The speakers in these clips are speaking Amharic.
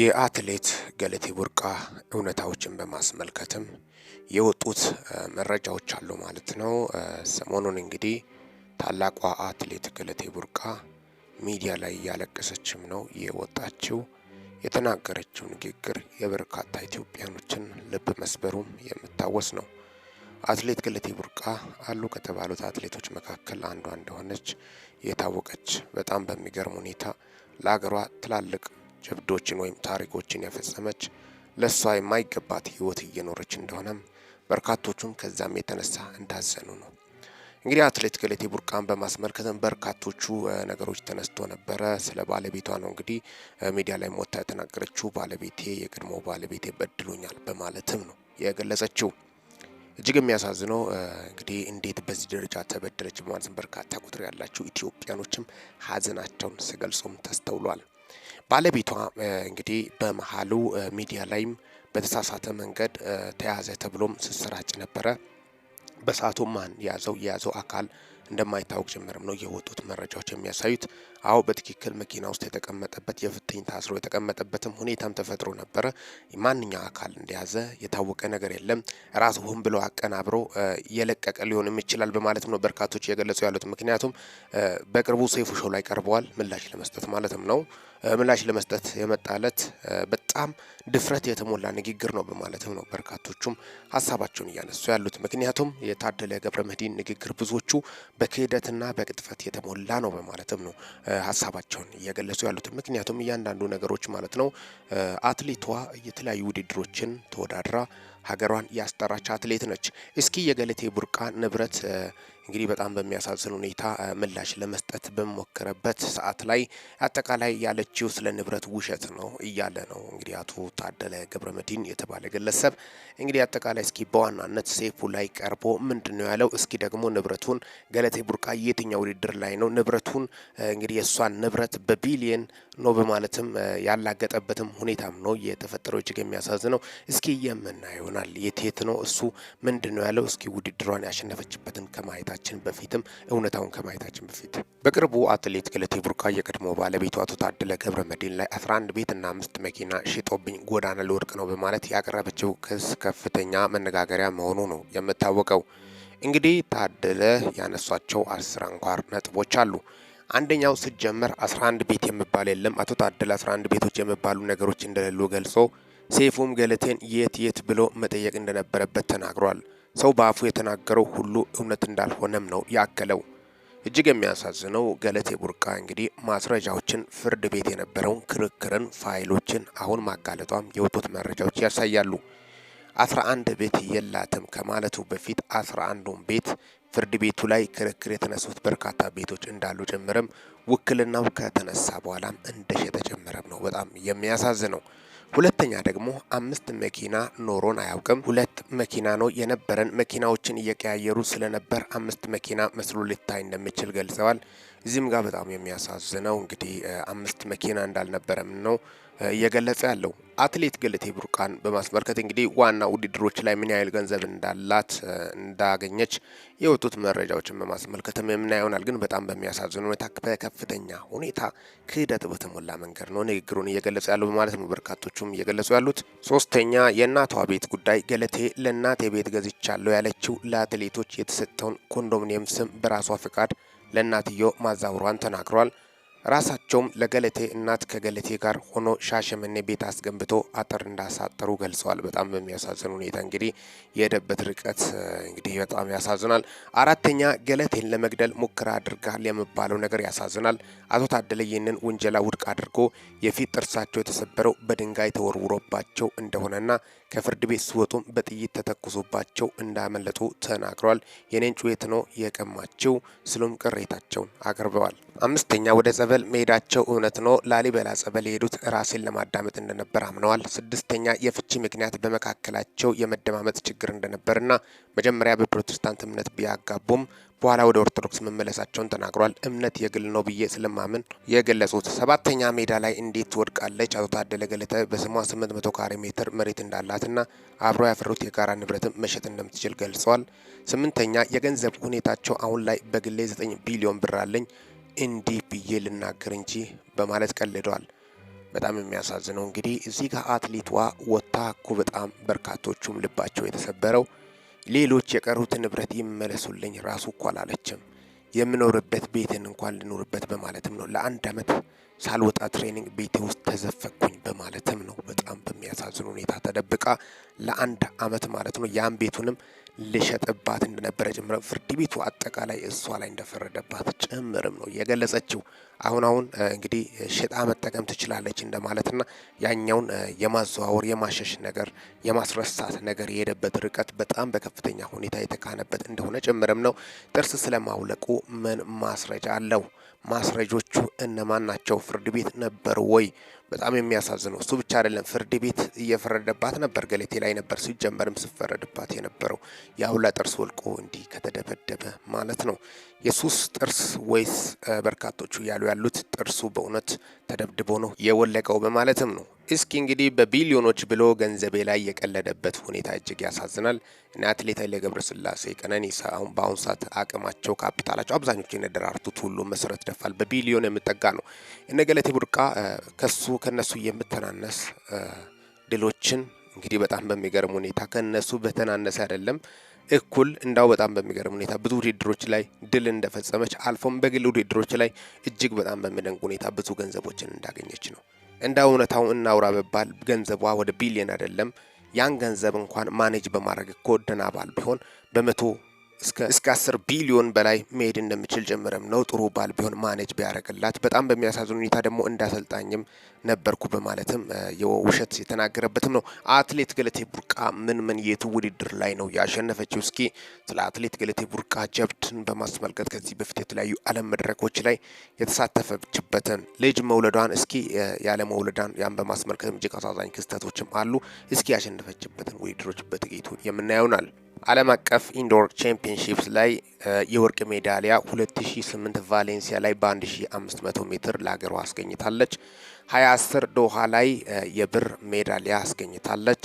የአትሌት ገለቴ ቡርቃ እውነታዎችን በማስመልከትም የወጡት መረጃዎች አሉ ማለት ነው። ሰሞኑን እንግዲህ ታላቋ አትሌት ገለቴ ቡርቃ ሚዲያ ላይ እያለቀሰችም ነው የወጣችው። የተናገረችው ንግግር የበርካታ ኢትዮጵያኖችን ልብ መስበሩም የሚታወስ ነው። አትሌት ገለቴ ቡርቃ አሉ ከተባሉት አትሌቶች መካከል አንዷ እንደሆነች የታወቀች በጣም በሚገርም ሁኔታ ለሀገሯ ትላልቅ ጀብዶችን ወይም ታሪኮችን የፈጸመች ለእሷ የማይገባት ህይወት እየኖረች እንደሆነም በርካቶቹም ከዛም የተነሳ እንዳዘኑ ነው። እንግዲህ አትሌት ገለቴ ቡርቃን በማስመልከትም በርካቶቹ ነገሮች ተነስቶ ነበረ። ስለ ባለቤቷ ነው እንግዲህ ሚዲያ ላይ ሞታ የተናገረችው ባለቤቴ የቀድሞ ባለቤቴ በድሎኛል በማለትም ነው የገለጸችው። እጅግ የሚያሳዝነው እንግዲህ እንዴት በዚህ ደረጃ ተበደለች በማለትም በርካታ ቁጥር ያላቸው ኢትዮጵያኖችም ሀዘናቸውን ሲገልጹም ተስተውሏል። ባለቤቷ እንግዲህ በመሀሉ ሚዲያ ላይም በተሳሳተ መንገድ ተያዘ ተብሎም ስሰራጭ ነበረ። በሰዓቱ ማን ያዘው የያዘው አካል እንደማይታወቅ ጭምርም ነው የወጡት መረጃዎች የሚያሳዩት። አዎ በትክክል መኪና ውስጥ የተቀመጠበት የፍትኝ ታስሮ የተቀመጠበትም ሁኔታም ተፈጥሮ ነበረ። ማንኛው አካል እንደያዘ የታወቀ ነገር የለም። ራሱ ሆን ብሎ አቀናብሮ የለቀቀ ሊሆንም ይችላል በማለትም ነው በርካቶች እየገለጹ ያሉት። ምክንያቱም በቅርቡ ሰይፉ ሾው ላይ ቀርበዋል ምላሽ ለመስጠት ማለትም ነው ምላሽ ለመስጠት የመጣለት በጣም ድፍረት የተሞላ ንግግር ነው በማለትም ነው በርካቶቹም ሀሳባቸውን እያነሱ ያሉት። ምክንያቱም የታደለ ገብረ መድህን ንግግር ብዙዎቹ በክህደትና በቅጥፈት የተሞላ ነው በማለትም ነው ሀሳባቸውን እየገለጹ ያሉት። ምክንያቱም እያንዳንዱ ነገሮች ማለት ነው አትሌቷ የተለያዩ ውድድሮችን ተወዳድራ ሀገሯን ያስጠራች አትሌት ነች። እስኪ የገለቴ ቡርቃ ንብረት እንግዲህ በጣም በሚያሳዝን ሁኔታ ምላሽ ለመስጠት በሞከረበት ሰዓት ላይ አጠቃላይ ያለችው ስለ ንብረት ውሸት ነው እያለ ነው እንግዲህ አቶ ታደለ ገብረ መድህን የተባለ ግለሰብ እንግዲህ አጠቃላይ እስኪ በዋናነት ሴፉ ላይ ቀርቦ ምንድን ነው ያለው? እስኪ ደግሞ ንብረቱን ገለቴ ቡርቃ የትኛው ውድድር ላይ ነው ንብረቱን እንግዲህ የእሷን ንብረት በቢሊየን ነው በማለትም ያላገጠበትም ሁኔታም ነው የተፈጠረው። እጅግ የሚያሳዝነው እስኪ የምናየው ይሆናል። የትየት ነው እሱ ምንድን ነው ያለው? እስኪ ውድድሯን ያሸነፈችበትን ከማየታችን በፊትም እውነታውን ከማየታችን በፊት በቅርቡ አትሌት ገለቴ ቡርቃ የቀድሞ ባለቤቱ አቶ ታደለ ገብረ መድህን ላይ 11 እና አምስት መኪና ሽጦብኝ ጎዳና ልወድቅ ነው በማለት ያቀረበችው ክስ ከፍተኛ መነጋገሪያ መሆኑ ነው የምታወቀው። እንግዲህ ታደለ ያነሷቸው አስር አንኳር ነጥቦች አሉ። አንደኛው ስጀመር 11 ቤት የሚባል የለም። አቶ ታደለ 11 ቤቶች የሚባሉ ነገሮች እንደሌሉ ገልጾ ሴፉም ገለቴን የት የት ብሎ መጠየቅ እንደነበረበት ተናግሯል። ሰው በአፉ የተናገረው ሁሉ እውነት እንዳልሆነም ነው ያከለው። እጅግ የሚያሳዝነው ገለቴ ቡርቃ እንግዲህ ማስረጃዎችን፣ ፍርድ ቤት የነበረውን ክርክርን፣ ፋይሎችን አሁን ማጋለጧም የወጡት መረጃዎች ያሳያሉ። አስራ አንድ ቤት የላትም ከማለቱ በፊት አስራ አንዱን ቤት ፍርድ ቤቱ ላይ ክርክር የተነሱት በርካታ ቤቶች እንዳሉ ጭምርም ውክልናው ከተነሳ በኋላም እንደሸጠ ጭምርም ነው በጣም የሚያሳዝነው። ሁለተኛ ደግሞ አምስት መኪና ኖሮን አያውቅም። ሁለት መኪና ነው የነበረን። መኪናዎችን እየቀያየሩ ስለነበር አምስት መኪና መስሎ ሊታይ እንደሚችል ገልጸዋል። እዚህም ጋር በጣም የሚያሳዝነው እንግዲህ አምስት መኪና እንዳልነበረም ነው እየገለጸ ያለው። አትሌት ገለቴ ቡርቃን በማስመልከት እንግዲህ ዋና ውድድሮች ላይ ምን ያህል ገንዘብ እንዳላት እንዳገኘች የወጡት መረጃዎችን በማስመልከትም የምናየው ይሆናል። ግን በጣም በሚያሳዝን ሁኔታ በከፍተኛ ሁኔታ ክህደት በተሞላ መንገድ ነው ንግግሩን እየገለጸ ያለው በማለት ነው በርካቶቹም እየገለጹ ያሉት። ሶስተኛ የእናቷ ቤት ጉዳይ ገለቴ ለእናቴ ቤት ገዝቻለሁ ያለችው ለአትሌቶች የተሰጠውን ኮንዶሚኒየም ስም በራሷ ፍቃድ ለእናትየው ማዛወሯን ተናግሯል። ራሳቸውም ለገለቴ እናት ከገለቴ ጋር ሆኖ ሻሸመኔ ቤት አስገንብቶ አጥር እንዳሳጠሩ ገልጸዋል። በጣም በሚያሳዝን ሁኔታ እንግዲህ የሄደበት ርቀት እንግዲህ በጣም ያሳዝናል። አራተኛ ገለቴን ለመግደል ሙከራ አድርጋል የሚባለው ነገር ያሳዝናል። አቶ ታደለ ይህንን ውንጀላ ውድቅ አድርጎ የፊት ጥርሳቸው የተሰበረው በድንጋይ ተወርውሮባቸው እንደሆነና ከፍርድ ቤት ሲወጡም በጥይት ተተኩሶባቸው እንዳመለጡ ተናግረዋል። የኔን ጩኸት ነው የቀማቸው ስሉም ቅሬታቸውን አቅርበዋል። አምስተኛ ወደ ጸበል ላሊበል መሄዳቸው እውነት ነው። ላሊበላ ጸበል የሄዱት ራሴን ለማዳመጥ እንደነበር አምነዋል። ስድስተኛ የፍቺ ምክንያት በመካከላቸው የመደማመጥ ችግር እንደነበርና መጀመሪያ በፕሮቴስታንት እምነት ቢያጋቡም በኋላ ወደ ኦርቶዶክስ መመለሳቸውን ተናግሯል። እምነት የግል ነው ብዬ ስለማምን የገለጹት። ሰባተኛ ሜዳ ላይ እንዴት ትወድቃለች? አቶ ታደለ ገለተ በስሟ 800 ካሬ ሜትር መሬት እንዳላትና አብሮ ያፈሩት የጋራ ንብረትም መሸጥ እንደምትችል ገልጸዋል። ስምንተኛ የገንዘብ ሁኔታቸው አሁን ላይ በግሌ 9 ቢሊዮን ብር አለኝ እንዲህ ብዬ ልናገር እንጂ በማለት ቀልደዋል። በጣም የሚያሳዝነው እንግዲህ እዚህ ጋር አትሌቷ ወታ እኮ በጣም በርካቶቹም ልባቸው የተሰበረው ሌሎች የቀሩት ንብረት ይመለሱልኝ ራሱ እኮ አላለችም። የምኖርበት ቤትን እንኳን ልኖርበት በማለትም ነው። ለአንድ ዓመት ሳልወጣ ትሬኒንግ ቤቴ ውስጥ ተዘፈኩኝ በማለትም ነው። በጣም በሚያሳዝን ሁኔታ ተደብቃ ለአንድ ዓመት ማለት ነው። ያም ቤቱንም ልሸጥባት እንደነበረ ጭምር ፍርድ ቤቱ አጠቃላይ እሷ ላይ እንደፈረደባት ጭምርም ነው የገለጸችው። አሁን አሁን እንግዲህ ሽጣ መጠቀም ትችላለች እንደማለትና ያኛውን የማዘዋወር የማሸሽ ነገር የማስረሳት ነገር የሄደበት ርቀት በጣም በከፍተኛ ሁኔታ የተካነበት እንደሆነ ጭምርም ነው። ጥርስ ስለማውለቁ ምን ማስረጃ አለው? ማስረጆቹ እነማን ናቸው? ፍርድ ቤት ነበሩ ወይ? በጣም የሚያሳዝነው እሱ ብቻ አይደለም። ፍርድ ቤት እየፈረደባት ነበር። ገለቴ ላይ ነበር ሲጀመርም ስፈረድባት የነበረው የአሁላ ጥርስ ወልቆ እንዲህ ከተደበደበ ማለት ነው። የሱስ ጥርስ ወይስ በርካቶቹ ያሉ ያሉት ጥርሱ በእውነት ተደብድቦ ነው የወለቀው በማለትም ነው እስኪ እንግዲህ በቢሊዮኖች ብሎ ገንዘቤ ላይ የቀለደበት ሁኔታ እጅግ ያሳዝናል። እና አትሌት ኃይሌ ገብረስላሴ፣ ቀነኒሳ አሁን በአሁኑ ሰዓት አቅማቸው ካፒታላቸው አብዛኞቹ የነደራርቱት ሁሉ መሰረት ደፋል በቢሊዮን የምጠጋ ነው። እነ ገለቴ ቡርቃ ከሱ ከነሱ የምተናነስ ድሎችን እንግዲህ በጣም በሚገርም ሁኔታ ከነሱ በተናነሰ አይደለም እኩል እንዳው በጣም በሚገርም ሁኔታ ብዙ ውድድሮች ላይ ድል እንደፈጸመች አልፎም በግል ውድድሮች ላይ እጅግ በጣም በሚደንቅ ሁኔታ ብዙ ገንዘቦችን እንዳገኘች ነው እንደ እውነታው እናውራ በባል ገንዘቧ ወደ ቢሊየን አይደለም። ያን ገንዘብ እንኳን ማኔጅ በማድረግ ከወደና ባል ቢሆን በመቶ እስከ 10 ቢሊዮን በላይ መሄድ እንደምችል ጀምረም ነው። ጥሩ ባል ቢሆን ማኔጅ ቢያደርግላት። በጣም በሚያሳዝን ሁኔታ ደግሞ እንዳሰልጣኝም ነበርኩ በማለትም የውሸት የተናገረበትም ነው። አትሌት ገለቴ ቡርቃ ምን ምን የቱ ውድድር ላይ ነው ያሸነፈችው? እስኪ ስለ አትሌት ገለቴ ቡርቃ ጀብድን በማስመልከት ከዚህ በፊት የተለያዩ ዓለም መድረኮች ላይ የተሳተፈችበትን ልጅ መውለዷን እስኪ ያለ መውለዷን ያን በማስመልከት እጅግ አሳዛኝ ክስተቶችም አሉ። እስኪ ያሸነፈችበትን ውድድሮች በጥቂቱ የምናየውናል። ዓለም አቀፍ ኢንዶር ቻምፒየንሺፕስ ላይ የወርቅ ሜዳሊያ 2008 ቫሌንሲያ ላይ በ1500 ሜትር ለሀገሯ አስገኝታለች። 2010 ዶሃ ላይ የብር ሜዳሊያ አስገኝታለች።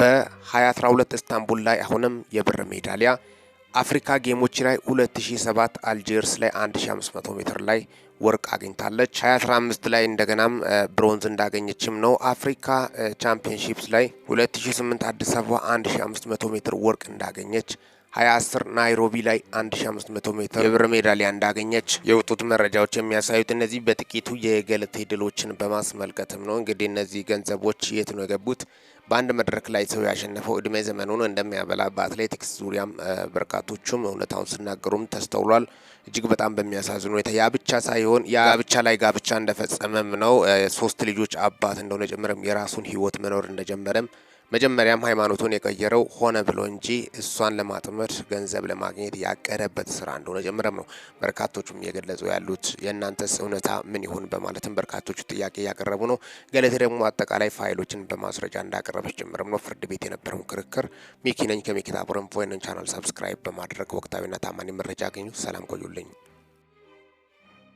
በ2012 ኢስታንቡል ላይ አሁንም የብር ሜዳሊያ፣ አፍሪካ ጌሞች ላይ 2007 አልጄርስ ላይ 1500 ሜትር ላይ ወርቅ አግኝታለች። 2015 ላይ እንደገናም ብሮንዝ እንዳገኘችም ነው። አፍሪካ ቻምፒዮንሺፕስ ላይ 2008 አዲስ አበባ 1500 ሜትር ወርቅ እንዳገኘች 2010 ናይሮቢ ላይ 1500 ሜትር የብር ሜዳሊያ እንዳገኘች የወጡት መረጃዎች የሚያሳዩት እነዚህ በጥቂቱ የገለቴ ድሎችን በማስመልከትም ነው። እንግዲህ እነዚህ ገንዘቦች የት ነው የገቡት? በአንድ መድረክ ላይ ሰው ያሸነፈው እድሜ ዘመኑን እንደሚያበላ በአትሌቲክስ ዙሪያም በርካቶቹም እውነታውን ሲናገሩም ተስተውሏል። እጅግ በጣም በሚያሳዝን ሁኔታ ያ ብቻ ሳይሆን ያ ብቻ ላይ ጋብቻ እንደፈጸመም ነው። ሶስት ልጆች አባት እንደሆነ ጭምርም የራሱን ህይወት መኖር እንደጀመረም መጀመሪያም ሃይማኖቱን የቀየረው ሆነ ብሎ እንጂ እሷን ለማጥመድ ገንዘብ ለማግኘት ያቀረበት ስራ እንደሆነ ጀምረም ነው በርካቶቹም እየገለጹ ያሉት። የእናንተስ እውነታ ምን ይሁን በማለትም በርካቶቹ ጥያቄ እያቀረቡ ነው። ገለቴ ደግሞ አጠቃላይ ፋይሎችን በማስረጃ እንዳቀረበች ጀምረም ነው ፍርድ ቤት የነበረውን ክርክር። ሚኪ ነኝ ከሚኪታቡረን ቻናል ሰብስክራይብ በማድረግ ወቅታዊና ታማኝ መረጃ አገኙ። ሰላም ቆዩልኝ።